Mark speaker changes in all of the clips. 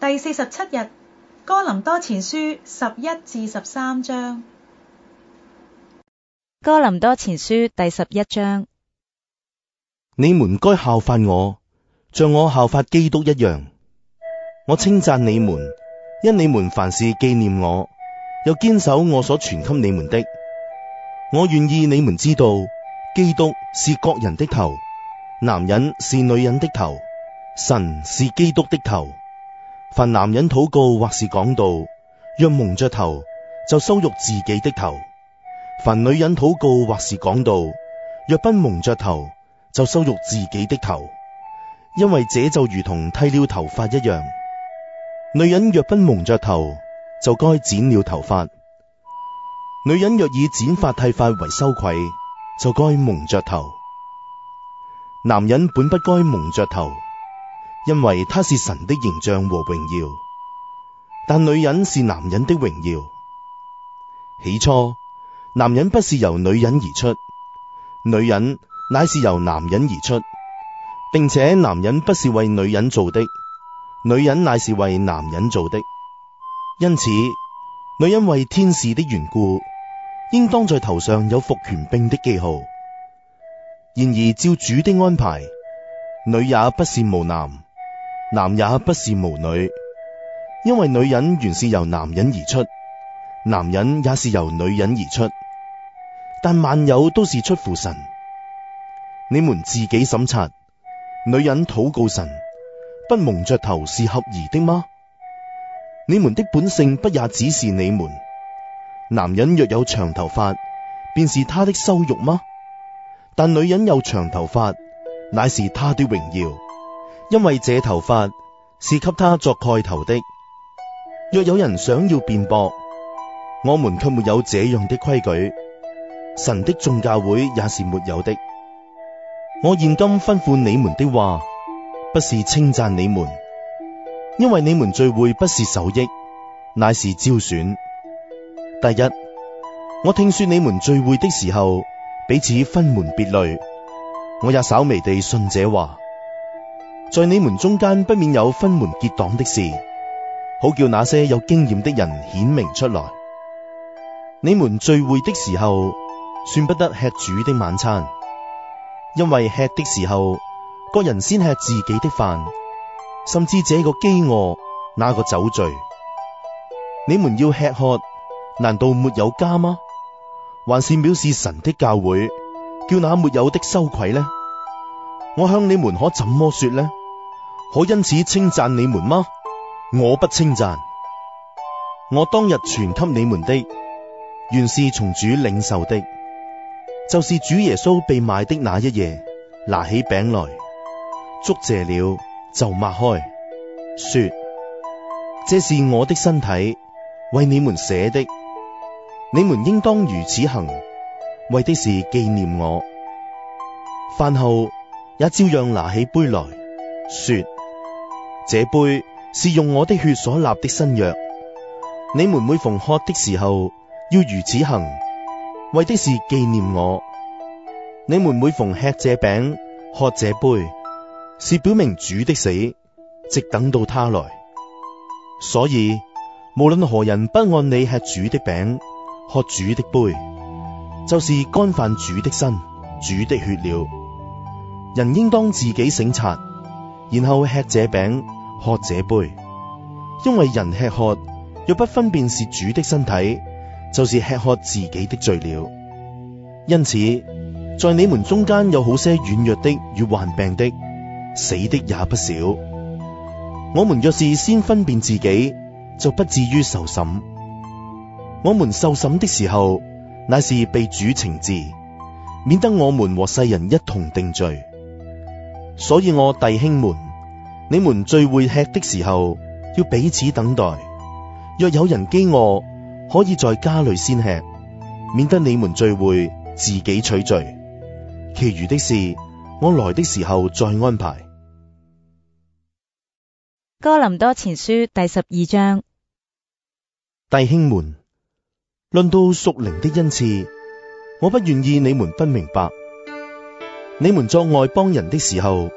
Speaker 1: 第四十七日《哥林多前書》十一至十三章，《哥林多前書》第十一章：你們該效法我，像我效法基督一樣。我稱讚你們，因你們凡事紀念我，又堅守我所傳給你們的。我願意你們知道，基督是各人的頭，男人是女人的頭，神是基督的頭。凡男人禱告或是講道，若蒙着頭，就羞辱自己的頭；凡女人禱告或是講道，若不蒙着頭，就羞辱自己的頭。因為這就如同剃了頭髮一樣。女人若不蒙着頭，就該剪了頭髮；女人若以剪髮剃髮為羞愧，就該蒙着頭。男人本不該蒙着頭。因為他是神的形象和榮耀，但女人是男人的榮耀。起初，男人不是由女人而出，女人乃是由男人而出，並且男人不是為女人做的，女人乃是為男人做的。因此，女人為天使的緣故，應當在頭上有服權柄的記號。然而，照主的安排，女也不是無男。男也不是無女，因為女人原是由男人而出，男人也是由女人而出。但萬有都是出乎神，你們自己審察，女人禱告神，不蒙着頭是合宜的嗎？你們的本性不也只是你們？男人若有長頭髮，便是他的羞辱嗎？但女人有長頭髮，乃是他的榮耀。因為這頭髮是給他作蓋頭的。若有人想要辯駁，我們卻沒有這樣的規矩。神的眾教會也是沒有的。我現今吩咐你們的話，不是稱讚你們，因為你們聚會不是受益，乃是招損。第一，我聽說你們聚會的時候，彼此分門別類，我也稍微地信這話。在你們中間不免有分門結黨的事，好叫那些有經驗的人顯明出來。你們聚會的時候，算不得吃主的晚餐，因為吃的時候，各人先吃自己的飯，甚至這個飢餓，那個酒醉。你們要吃喝，難道沒有家嗎？還是藐視神的教會，叫那沒有的羞愧呢？我向你們可怎麼說呢？可因此稱讚你們嗎？我不稱讚。我當日傳給你們的，原是從主領受的，就是主耶穌被賣的那一夜，拿起餅來，祝謝了就擘開，說：這是我的身體，為你們捨的。你們應當如此行，為的是紀念我。飯後。也照樣拿起杯來說：這杯是用我的血所立的新約。你們每逢喝的時候要如此行，為的是紀念我。你們每逢吃這餅、喝這杯，是表明主的死，直等到他來。所以，無論何人不按理吃主的餅、喝主的杯，就是干犯主的身、主的血了。人應當自己省察，然後吃這餅喝這杯，因為人吃喝若不分辨是主的身體，就是吃喝自己的罪了。因此，在你們中間有好些軟弱的與患病的，死的也不少。我們若是先分辨自己，就不至於受審。我們受審的時候，乃是被主懲治，免得我們和世人一同定罪。所以我弟兄們，你們聚會吃的時候，要彼此等待。若有人飢餓，可以在家裏先吃，免得你們聚會自己取罪。其餘的事，我來的時候再安排。哥林多前書第十二章，弟兄們，論到屬靈的恩賜，我不願意你們不明白。你們作外邦人的時候，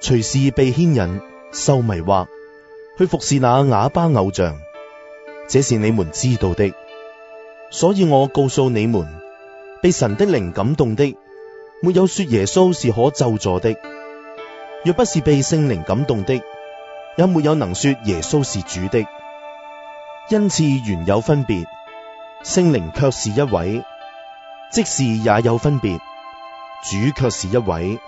Speaker 1: 隨事被牽引、受迷惑，去服事那啞巴偶像，這是你們知道的。所以我告訴你們，被神的靈感動的，沒有說耶穌是可咒詛的；若不是被聖靈感動的，也沒有能說耶穌是主的。恩賜原有分別，聖靈卻是一位，職事也有分別。主卻是一位，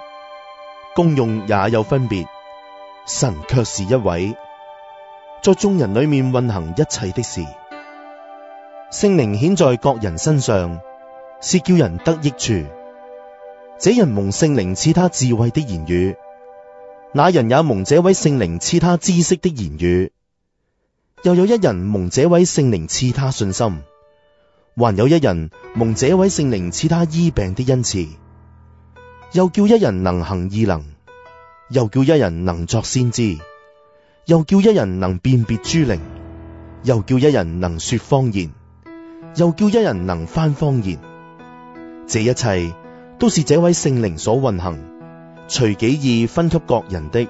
Speaker 1: 功用也有分別，神卻是一位，在眾人裏面運行一切的事。聖靈顯在各人身上，是叫人得益處。這人蒙聖靈賜他智慧的言語，那人也蒙這位聖靈賜他知識的言語，又有一人蒙這位聖靈賜他信心，還有一人蒙這位聖靈賜他醫病的恩賜。又叫一人能行異能，又叫一人能作先知，又叫一人能辨別諸靈，又叫一人能說方言，又叫一人能翻方言。這一切都是這位聖靈所運行，隨己意分給各人的。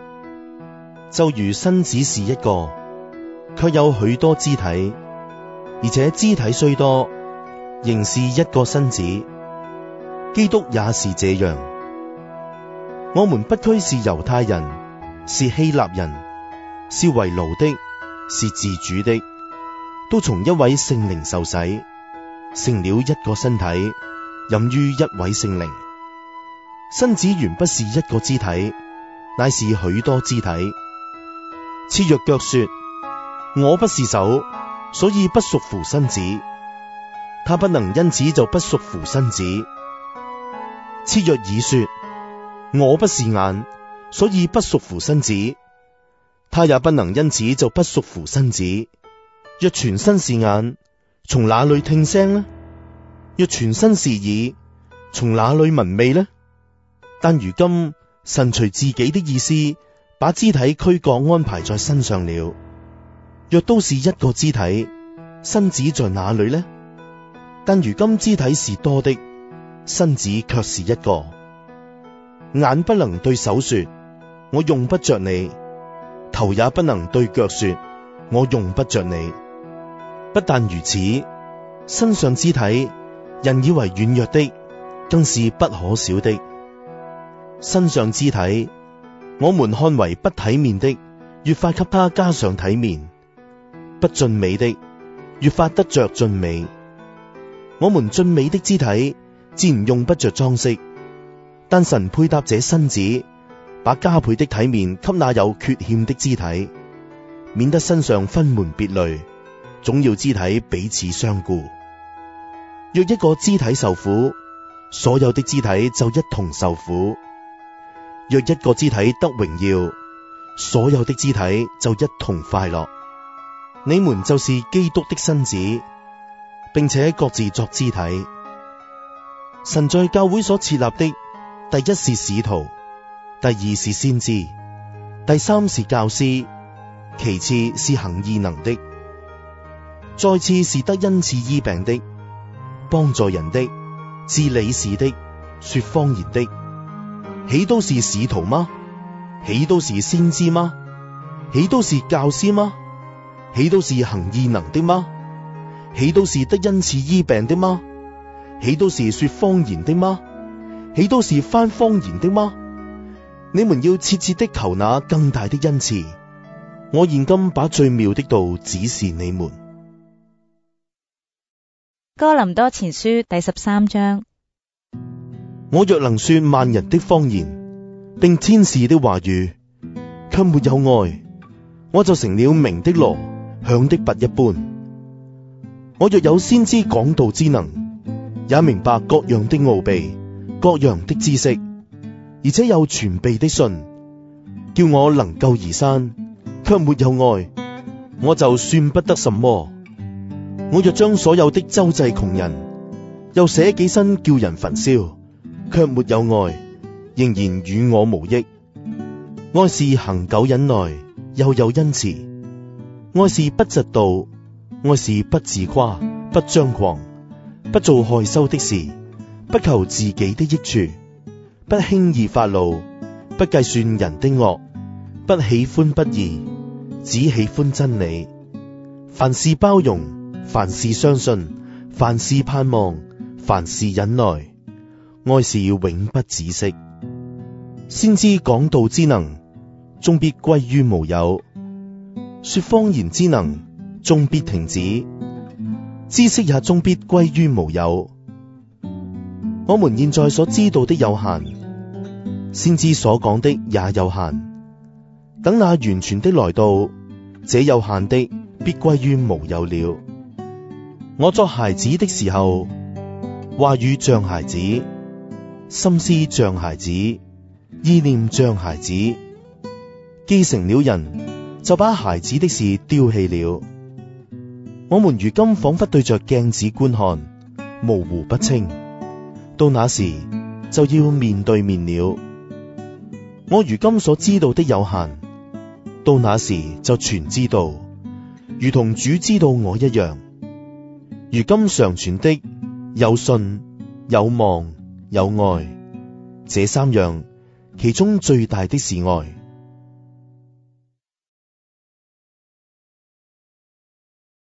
Speaker 1: 就如身子是一個，卻有許多肢體，而且肢體雖多，仍是一個身子。基督也是這樣。我們不拘是猶太人，是希臘人，是為奴的，是自主的，都從一位聖靈受洗，成了一個身體，飲於一位聖靈。身子原不是一個肢體，乃是許多肢體。設若腳說：我不是手，所以不屬乎身子。他不能因此就不屬乎身子。設若耳說，我不是眼，所以不屬乎身子；他也不能因此就不屬乎身子。若全身是眼，從哪裏聽聲呢？若全身是耳，從哪裏聞味呢？但如今神隨自己的意思，把肢體俱各安排在身上了。若都是一個肢體，身子在哪裏呢？但如今肢體是多的，身子卻是一個。眼不能對手說，我用不着你；頭也不能對腳說，我用不着你。不但如此，身上肢體人以為軟弱的，更是不可少的。身上肢體我們看為不體面的，越發給他加上體面；不俊美的，越發得着俊美。我們俊美的肢體，自然用不着裝飾。但神配搭這身子，把加倍的體面給那有缺欠的肢體，免得身上分門別類，總要肢體彼此相顧。若一個肢體受苦，所有的肢體就一同受苦；若一個肢體得榮耀，所有的肢體就一同快樂。你們就是基督的身子，並且各自作肢體。神在教會所設立的。第一是使徒，第二是先知，第三是教師，其次是行異能的，再次是得恩賜醫病的，幫助人的，治理事的，說方言的，豈都是使徒嗎？豈都是先知嗎？豈都是教師嗎？豈都是行異能的嗎？豈都是得恩賜醫病的嗎？豈都是說方言的嗎？豈都是翻方言的嗎？你們要切切的求那更大的恩賜。我現今把最妙的道指示你們。哥林多前書第十三章。我若能說萬人的方言，並天使的話語，卻沒有愛，我就成了鳴的鑼，響的不一般。我若有先知講道之能，也明白各樣的奧秘。各樣的知識，而且有傳備的信，叫我能夠移山，卻沒有愛，我就算不得什麼。我若將所有的周濟窮人，又捨己身叫人焚燒，卻沒有愛，仍然與我無益。愛是恒久忍耐，又有恩慈；愛是不嫉妒；愛是不自誇，不張狂，不做害羞的事。不求自己的益處，不輕易發怒，不計算人的惡，不喜歡不義，只喜歡真理。凡事包容，凡事相信，凡事盼望，凡事忍耐。愛是永不止息。先知講道之能，終必歸於無有；說方言之能，終必停止；知識也終必歸於無有。我們現在所知道的有限，先知所講的也有限。等那完全的來到，這有限的必歸於無有了。我作孩子的時候，話語像孩子，心思像孩子，意念像孩子。既成了人，就把孩子的事丟棄了。我們如今仿佛對着鏡子觀看，模糊不清。到那時就要面對面了。我如今所知道的有限，到那時就全知道，如同主知道我一樣。如今常存的有信、有望、有愛，這三樣，其中最大的是愛。